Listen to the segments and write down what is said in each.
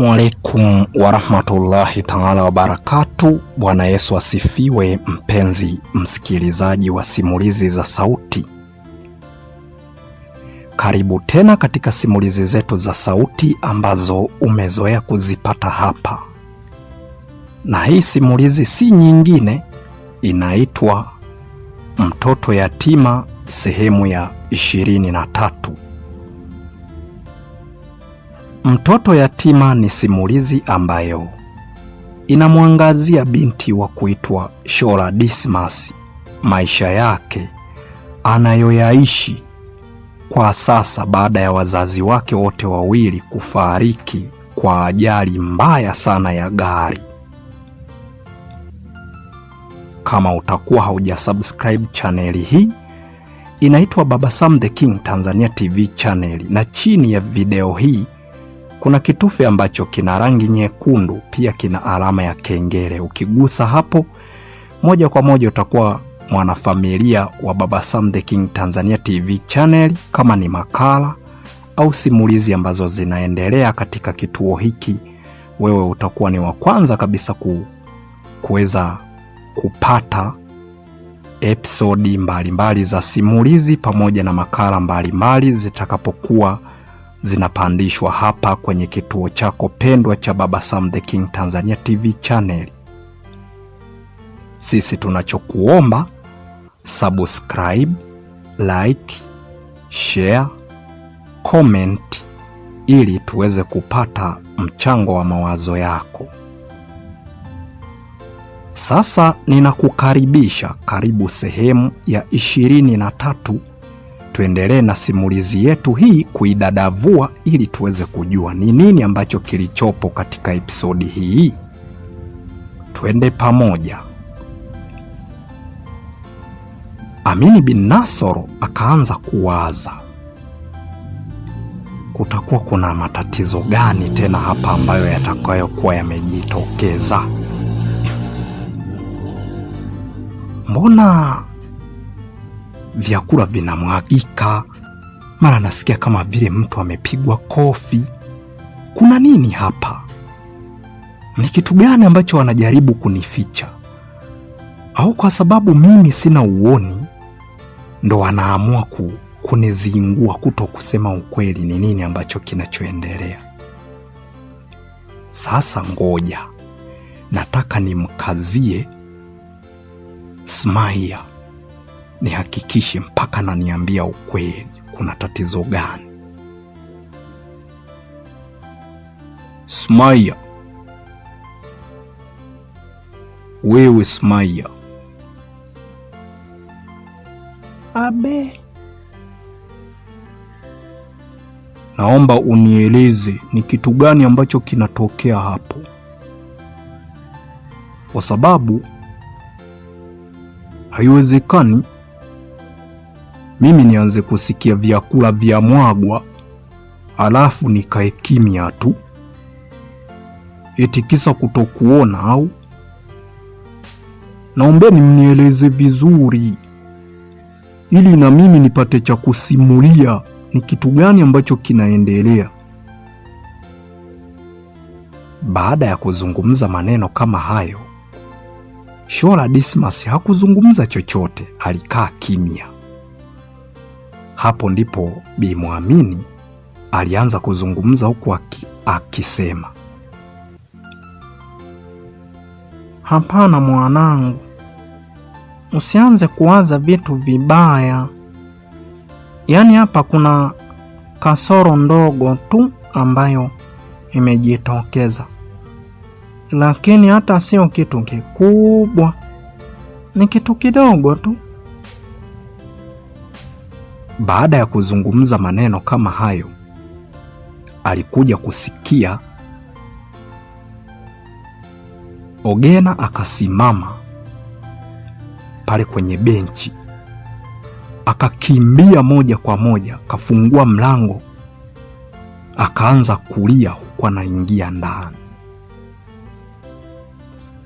Assalamu alaikum warahmatullahi taala wabarakatu. Bwana Yesu asifiwe, mpenzi msikilizaji wa simulizi za sauti. Karibu tena katika simulizi zetu za sauti ambazo umezoea kuzipata hapa, na hii simulizi si nyingine, inaitwa Mtoto Yatima sehemu ya 23. Mtoto Yatima ni simulizi ambayo inamwangazia binti wa kuitwa Shora Dismas, maisha yake anayoyaishi kwa sasa baada ya wazazi wake wote wawili kufariki kwa ajali mbaya sana ya gari. Kama utakuwa haujasubscribe chaneli hii inaitwa Baba Sam the King Tanzania TV channel, na chini ya video hii kuna kitufe ambacho kina rangi nyekundu, pia kina alama ya kengele. Ukigusa hapo moja kwa moja utakuwa mwanafamilia wa Baba Sam The King Tanzania TV channel, kama ni makala au simulizi ambazo zinaendelea katika kituo hiki, wewe utakuwa ni wa kwanza kabisa ku, kuweza kupata episodi mbalimbali za simulizi pamoja na makala mbalimbali zitakapokuwa zinapandishwa hapa kwenye kituo chako pendwa cha Baba Sam The King Tanzania TV channel. Sisi tunachokuomba subscribe, like, share, comment ili tuweze kupata mchango wa mawazo yako. Sasa ninakukaribisha, karibu sehemu ya ishirini na tatu tuendelee na simulizi yetu hii kuidadavua, ili tuweze kujua ni nini ambacho kilichopo katika episodi hii. Twende pamoja. Amini bin Nasoro akaanza kuwaza kutakuwa kuna matatizo gani tena hapa ambayo yatakayokuwa yamejitokeza. Mbona vyakula vinamwagika, mara nasikia kama vile mtu amepigwa kofi. Kuna nini hapa? Ni kitu gani ambacho wanajaribu kunificha? Au kwa sababu mimi sina uoni ndo wanaamua ku, kunizingua kuto kusema ukweli ni nini ambacho kinachoendelea? Sasa ngoja, nataka nimkazie Smaia nihakikishe mpaka naniambia ukweli, kuna tatizo gani? Smaia, wewe Smaia. Abe, naomba unieleze ni kitu gani ambacho kinatokea hapo, kwa sababu haiwezekani mimi nianze kusikia vyakula vya mwagwa, alafu nikae kimya tu, eti kisa kutokuona? Au naombeni mnieleze vizuri, ili na mimi nipate cha kusimulia, ni kitu gani ambacho kinaendelea. Baada ya kuzungumza maneno kama hayo, Shola Dismas hakuzungumza chochote, alikaa kimya. Hapo ndipo Bi Mwamini alianza kuzungumza huku akisema, hapana mwanangu, usianze kuwaza vitu vibaya, yaani hapa kuna kasoro ndogo tu ambayo imejitokeza, lakini hata sio kitu kikubwa, ni kitu kidogo tu. Baada ya kuzungumza maneno kama hayo, alikuja kusikia Ogena akasimama pale kwenye benchi, akakimbia moja kwa moja, kafungua mlango, akaanza kulia huku anaingia ndani.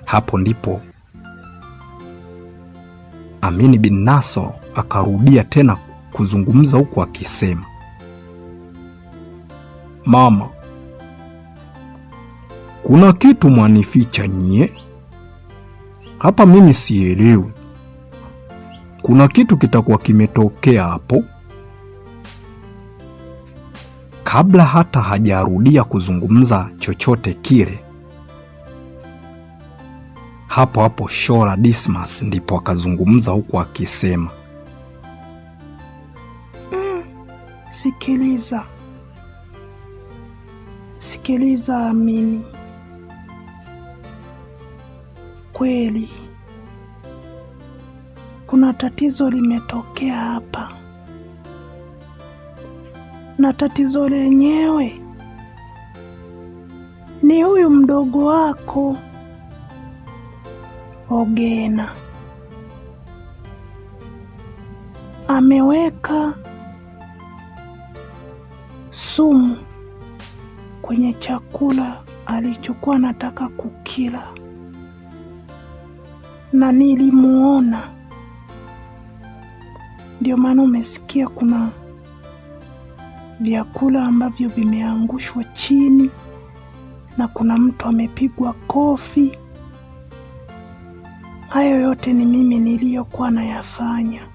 Hapo ndipo Amini bin Naso akarudia tena kuzungumza huku akisema, mama, kuna kitu mwanificha nyie hapa, mimi sielewi. Kuna kitu kitakuwa kimetokea hapo. Kabla hata hajarudia kuzungumza chochote kile, hapo hapo Shola Dismas ndipo akazungumza huku akisema Sikiliza. Sikiliza, amini. Kweli. Kuna tatizo limetokea hapa. Na tatizo lenyewe ni huyu mdogo wako Ogena ameweka sumu kwenye chakula alichokuwa nataka kukila, na nilimuona. Ndio maana umesikia kuna vyakula ambavyo vimeangushwa chini na kuna mtu amepigwa kofi. Hayo yote ni mimi niliyokuwa nayafanya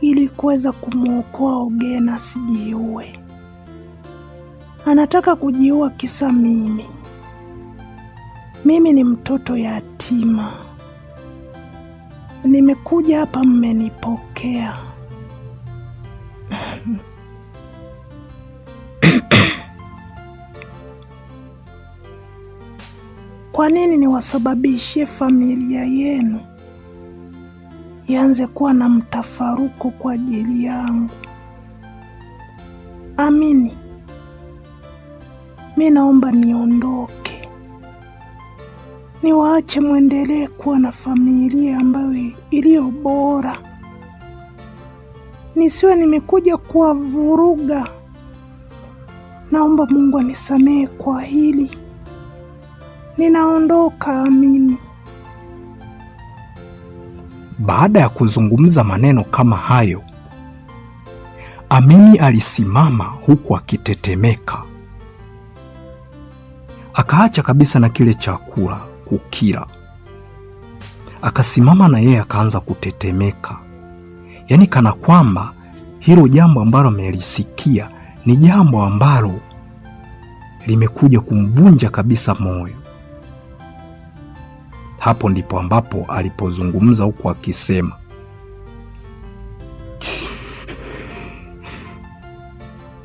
ili kuweza kumwokoa Ogena asijiue anataka kujiua kisa mimi. Mimi ni mtoto yatima, nimekuja hapa, mmenipokea Kwa nini niwasababishie familia yenu ianze kuwa na mtafaruku kwa ajili yangu? Amini, mi naomba niondoke, niwaache mwendelee kuwa na familia ambayo iliyo bora, nisiwe nimekuja kuwavuruga. Naomba Mungu anisamehe kwa hili, ninaondoka. Amini. Baada ya kuzungumza maneno kama hayo, Amini alisimama huku akitetemeka akaacha kabisa na kile chakula kukila, akasimama na yeye akaanza kutetemeka, yaani kana kwamba hilo jambo ambalo amelisikia ni jambo ambalo limekuja kumvunja kabisa moyo. Hapo ndipo ambapo alipozungumza huku akisema,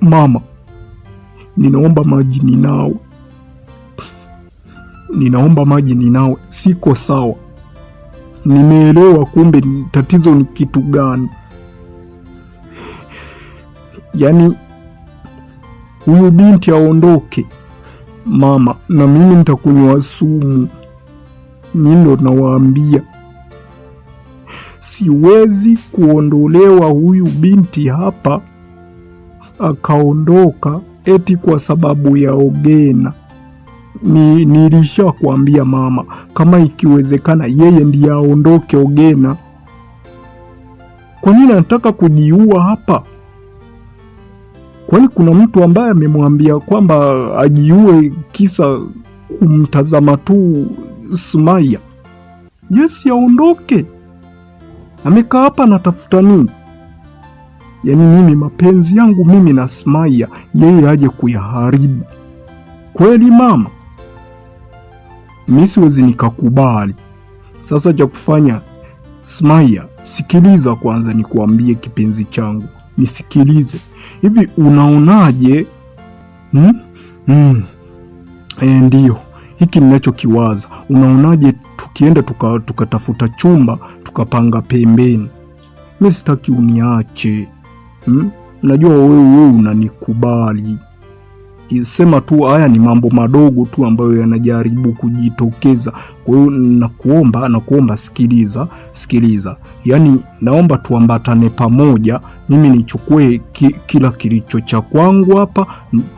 mama, ninaomba maji ninawe ninaomba maji ninawe, siko sawa. Nimeelewa kumbe tatizo ni kitu gani. Yaani huyu binti aondoke mama, na mimi nitakunywa sumu. Mi ndo nawaambia siwezi kuondolewa huyu binti hapa akaondoka eti kwa sababu ya Ogena ni, nilisha kuambia mama kama ikiwezekana yeye ndiye aondoke Ogena. Kwa nini anataka kujiua hapa? Kwani kuna mtu ambaye amemwambia kwamba ajiue kisa kumtazama tu Sumaya? Yesi, aondoke. Amekaa hapa anatafuta nini? Yaani mimi mapenzi yangu mimi na Sumaya, yeye aje kuyaharibu kweli mama? mi siwezi nikakubali. Sasa cha kufanya Smaya, sikiliza kwanza nikuambie kipenzi changu, nisikilize. Hivi unaonaje? hmm? hmm. E, ndio hiki ninachokiwaza. Unaonaje tukienda tukatafuta tuka chumba tukapanga pembeni? Mi sitaki uniache. hmm? Najua wewe wewe unanikubali sema tu haya ni mambo madogo tu ambayo yanajaribu kujitokeza. Kwa hiyo nakuomba, nakuomba sikiliza, sikiliza, yaani naomba tuambatane pamoja, mimi nichukue ki, kila kilicho cha kwangu hapa,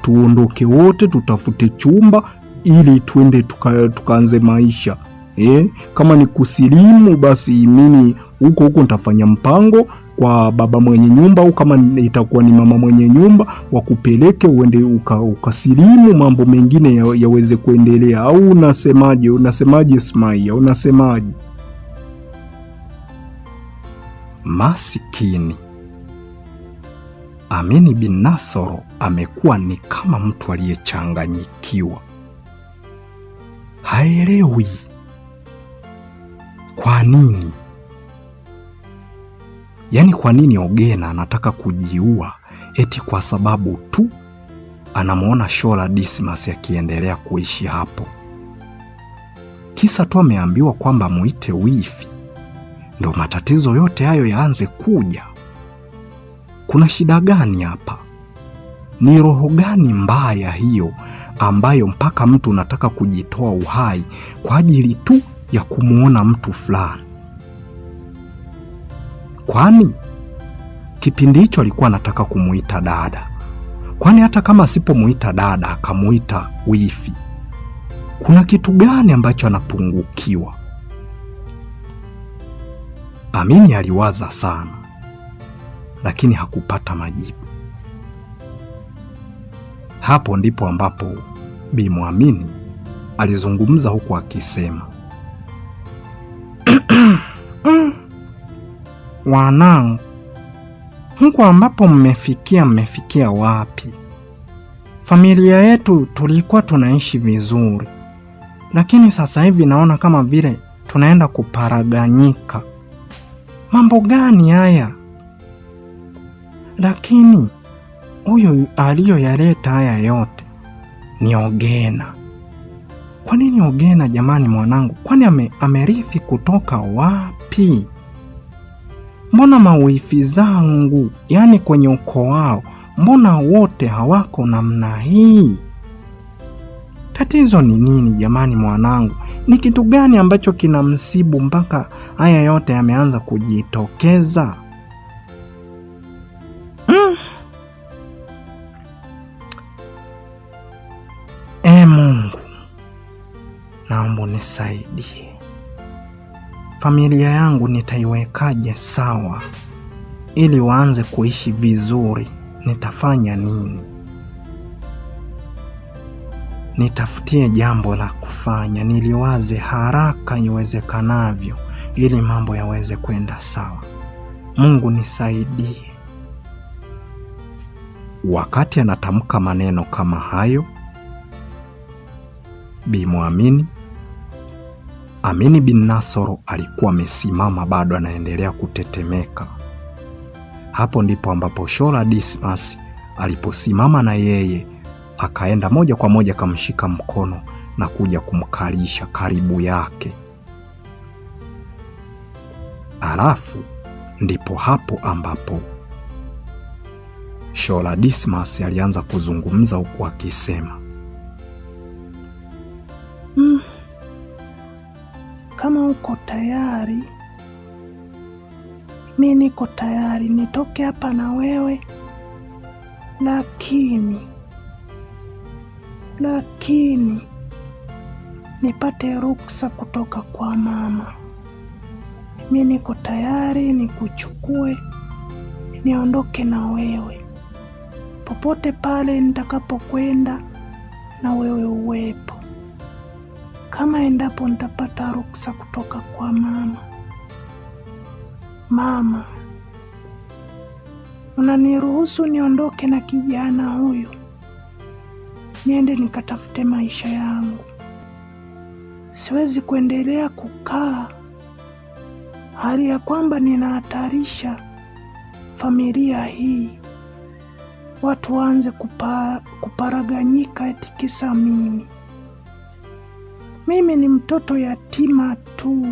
tuondoke wote, tutafute chumba ili tuende tuka, tukaanze maisha eh. Kama ni kusilimu basi mimi huko huko nitafanya mpango kwa baba mwenye nyumba au kama itakuwa ni mama mwenye nyumba, wakupeleke uende ukasilimu, uka mambo mengine yaweze ya kuendelea. Au unasemaje? Unasemaje Ismaia, Unasemaje? Masikini Amini bin Nasoro amekuwa ni kama mtu aliyechanganyikiwa, haelewi kwa nini Yaani kwa nini Ogena anataka kujiua eti kwa sababu tu anamwona Shola Dismas akiendelea kuishi hapo, kisa tu ameambiwa kwamba muite wifi, ndo matatizo yote hayo yaanze kuja? Kuna shida gani hapa? Ni roho gani mbaya hiyo ambayo mpaka mtu unataka kujitoa uhai kwa ajili tu ya kumwona mtu fulani? kwani kipindi hicho alikuwa anataka kumuita dada, kwani hata kama asipomuita dada akamuita wifi, kuna kitu gani ambacho anapungukiwa? Amini aliwaza sana, lakini hakupata majibu. Hapo ndipo ambapo bimwamini alizungumza huku akisema Wanangu, huku ambapo mmefikia, mmefikia wapi? Familia yetu tulikuwa tunaishi vizuri, lakini sasa hivi naona kama vile tunaenda kuparaganyika. Mambo gani haya? Lakini huyo aliyoyaleta haya yote ni Ogena. Kwa nini Ogena jamani, mwanangu? Kwani ame, amerithi kutoka wapi? mbona mawifi zangu, yaani kwenye ukoo wao, mbona wote hawako namna hii? Tatizo ni nini jamani? Mwanangu, ni kitu gani ambacho kina msibu mpaka haya yote yameanza kujitokeza? Mm. E Mungu, naomba unisaidie familia yangu nitaiwekaje sawa ili waanze kuishi vizuri? Nitafanya nini? Nitafutie jambo la kufanya, niliwaze haraka iwezekanavyo ili mambo yaweze kwenda sawa. Mungu nisaidie. Wakati anatamka maneno kama hayo, Bi Mwamini Amini bin Nasoro alikuwa amesimama bado anaendelea kutetemeka. Hapo ndipo ambapo Shola Dismas aliposimama na yeye akaenda moja kwa moja akamshika mkono na kuja kumkalisha karibu yake. Alafu ndipo hapo ambapo Shola Dismas alianza kuzungumza huku akisema mm kama uko tayari, mi niko tayari nitoke hapa na wewe, lakini lakini nipate ruksa kutoka kwa mama. Mi niko tayari nikuchukue, niondoke na wewe popote pale nitakapokwenda, na wewe uwepo kama endapo nitapata ruksa kutoka kwa mama. Mama, unaniruhusu niondoke na kijana huyu niende nikatafute maisha yangu. Siwezi kuendelea kukaa hali ya kwamba ninahatarisha familia hii, watu waanze kupa, kuparaganyika eti kisa mimi. Mimi ni mtoto yatima tu.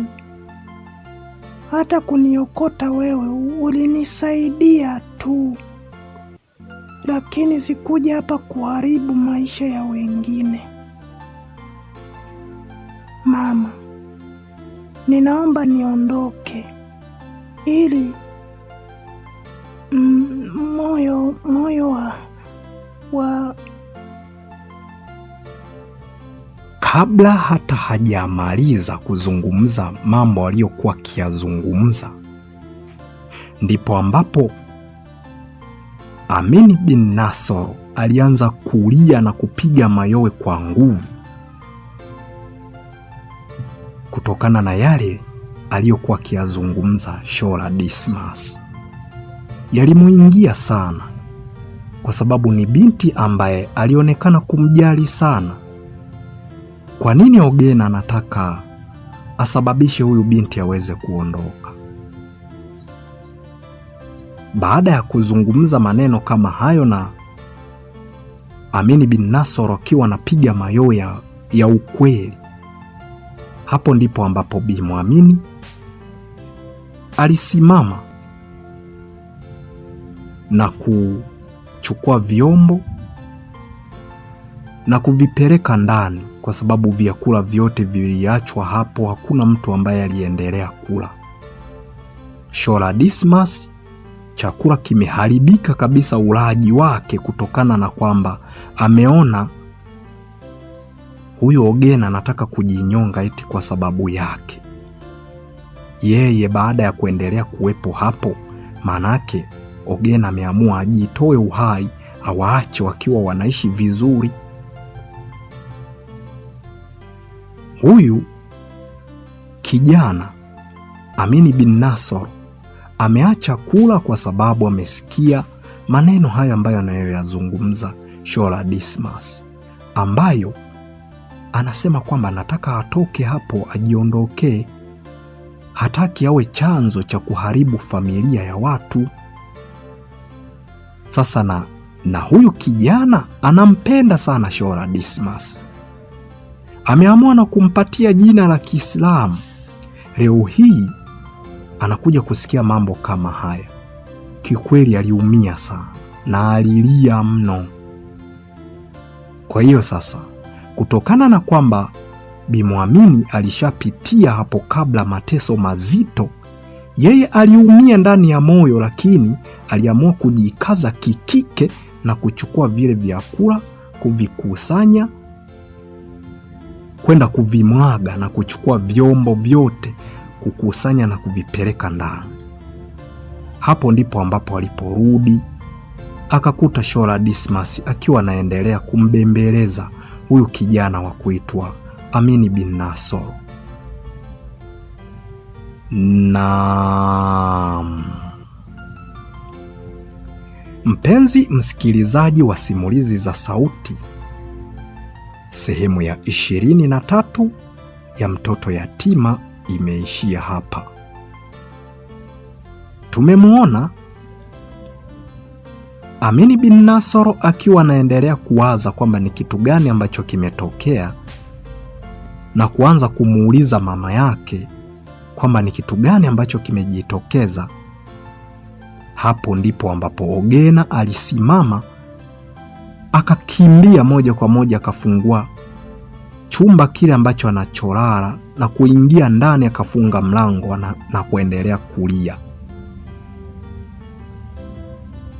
Hata kuniokota wewe ulinisaidia tu, lakini sikuja hapa kuharibu maisha ya wengine. Mama, ninaomba niondoke ili moyo moyo wa wa kabla hata hajamaliza kuzungumza mambo aliyokuwa akiyazungumza, ndipo ambapo Amin bin Nasoro alianza kulia na kupiga mayowe kwa nguvu kutokana na yale aliyokuwa akiyazungumza Shola Dismas. Yalimuingia sana kwa sababu ni binti ambaye alionekana kumjali sana kwa nini Ogena anataka asababishe huyu binti aweze kuondoka? Baada ya kuzungumza maneno kama hayo na Amini bin Nasoro akiwa anapiga mayowe ya, ya ukweli, hapo ndipo ambapo Bi Mwamini alisimama na kuchukua vyombo na kuvipeleka ndani, kwa sababu vyakula vyote viliachwa hapo, hakuna mtu ambaye aliendelea kula. Shola Dismas, chakula kimeharibika kabisa ulaji wake, kutokana na kwamba ameona huyo Ogena anataka kujinyonga eti kwa sababu yake yeye, baada ya kuendelea kuwepo hapo. Manake Ogena ameamua ajitoe uhai, awaache wakiwa wanaishi vizuri. Huyu kijana Amini bin Nasor ameacha kula kwa sababu amesikia maneno haya ambayo anayoyazungumza Shola Dismas, ambayo anasema kwamba anataka atoke hapo, ajiondokee. Hataki awe chanzo cha kuharibu familia ya watu. Sasa na, na huyu kijana anampenda sana Shola Dismas ameamua na kumpatia jina la Kiislamu. Leo hii anakuja kusikia mambo kama haya. Kikweli aliumia sana na alilia mno. Kwa hiyo sasa, kutokana na kwamba Bimwamini alishapitia hapo kabla mateso mazito, yeye aliumia ndani ya moyo, lakini aliamua kujikaza kikike na kuchukua vile vyakula kuvikusanya kwenda kuvimwaga na kuchukua vyombo vyote, kukusanya na kuvipeleka ndani. Hapo ndipo ambapo aliporudi akakuta Shola Dismas akiwa anaendelea kumbembeleza huyu kijana wa kuitwa Amini bin Nasoro. Naam, mpenzi msikilizaji wa simulizi za sauti Sehemu ya 23 ya mtoto yatima imeishia hapa. Tumemwona Amini bin Nasoro akiwa anaendelea kuwaza kwamba ni kitu gani ambacho kimetokea na kuanza kumuuliza mama yake kwamba ni kitu gani ambacho kimejitokeza. Hapo ndipo ambapo Ogena alisimama Akakimbia moja kwa moja akafungua chumba kile ambacho anacholala na kuingia ndani, akafunga mlango na, na kuendelea kulia.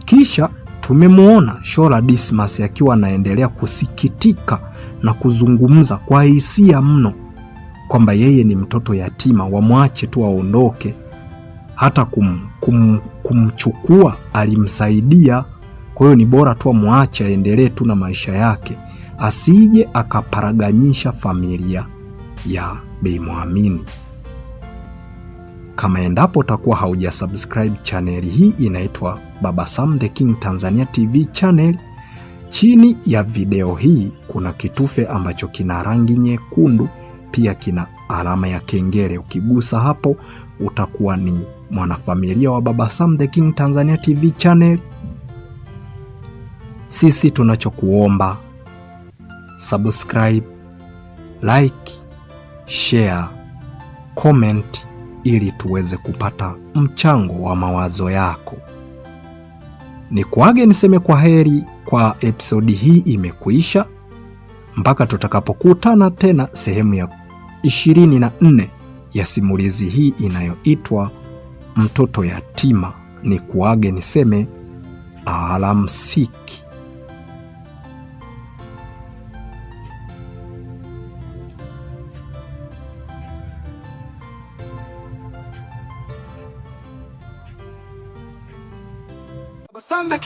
Kisha tumemwona Shola Dismas akiwa anaendelea kusikitika na kuzungumza kwa hisia mno kwamba yeye ni mtoto yatima, wamwache tu aondoke. Hata kum, kum, kumchukua alimsaidia kwa hiyo ni bora tu amwache aendelee tu na maisha yake, asije akaparaganyisha familia ya Bei mwamini Kama endapo utakuwa haujasubscribe chaneli hii, inaitwa Baba Sam The King Tanzania TV channel. Chini ya video hii kuna kitufe ambacho kina rangi nyekundu, pia kina alama ya kengele. Ukigusa hapo utakuwa ni mwanafamilia wa Baba Sam The King Tanzania TV channel sisi tunachokuomba subscribe, like, share, comment ili tuweze kupata mchango wa mawazo yako. Ni kuage niseme kwa heri kwa episodi hii imekuisha, mpaka tutakapokutana tena sehemu ya 24 ya simulizi hii inayoitwa Mtoto Yatima. Ni kuage niseme alamsiki.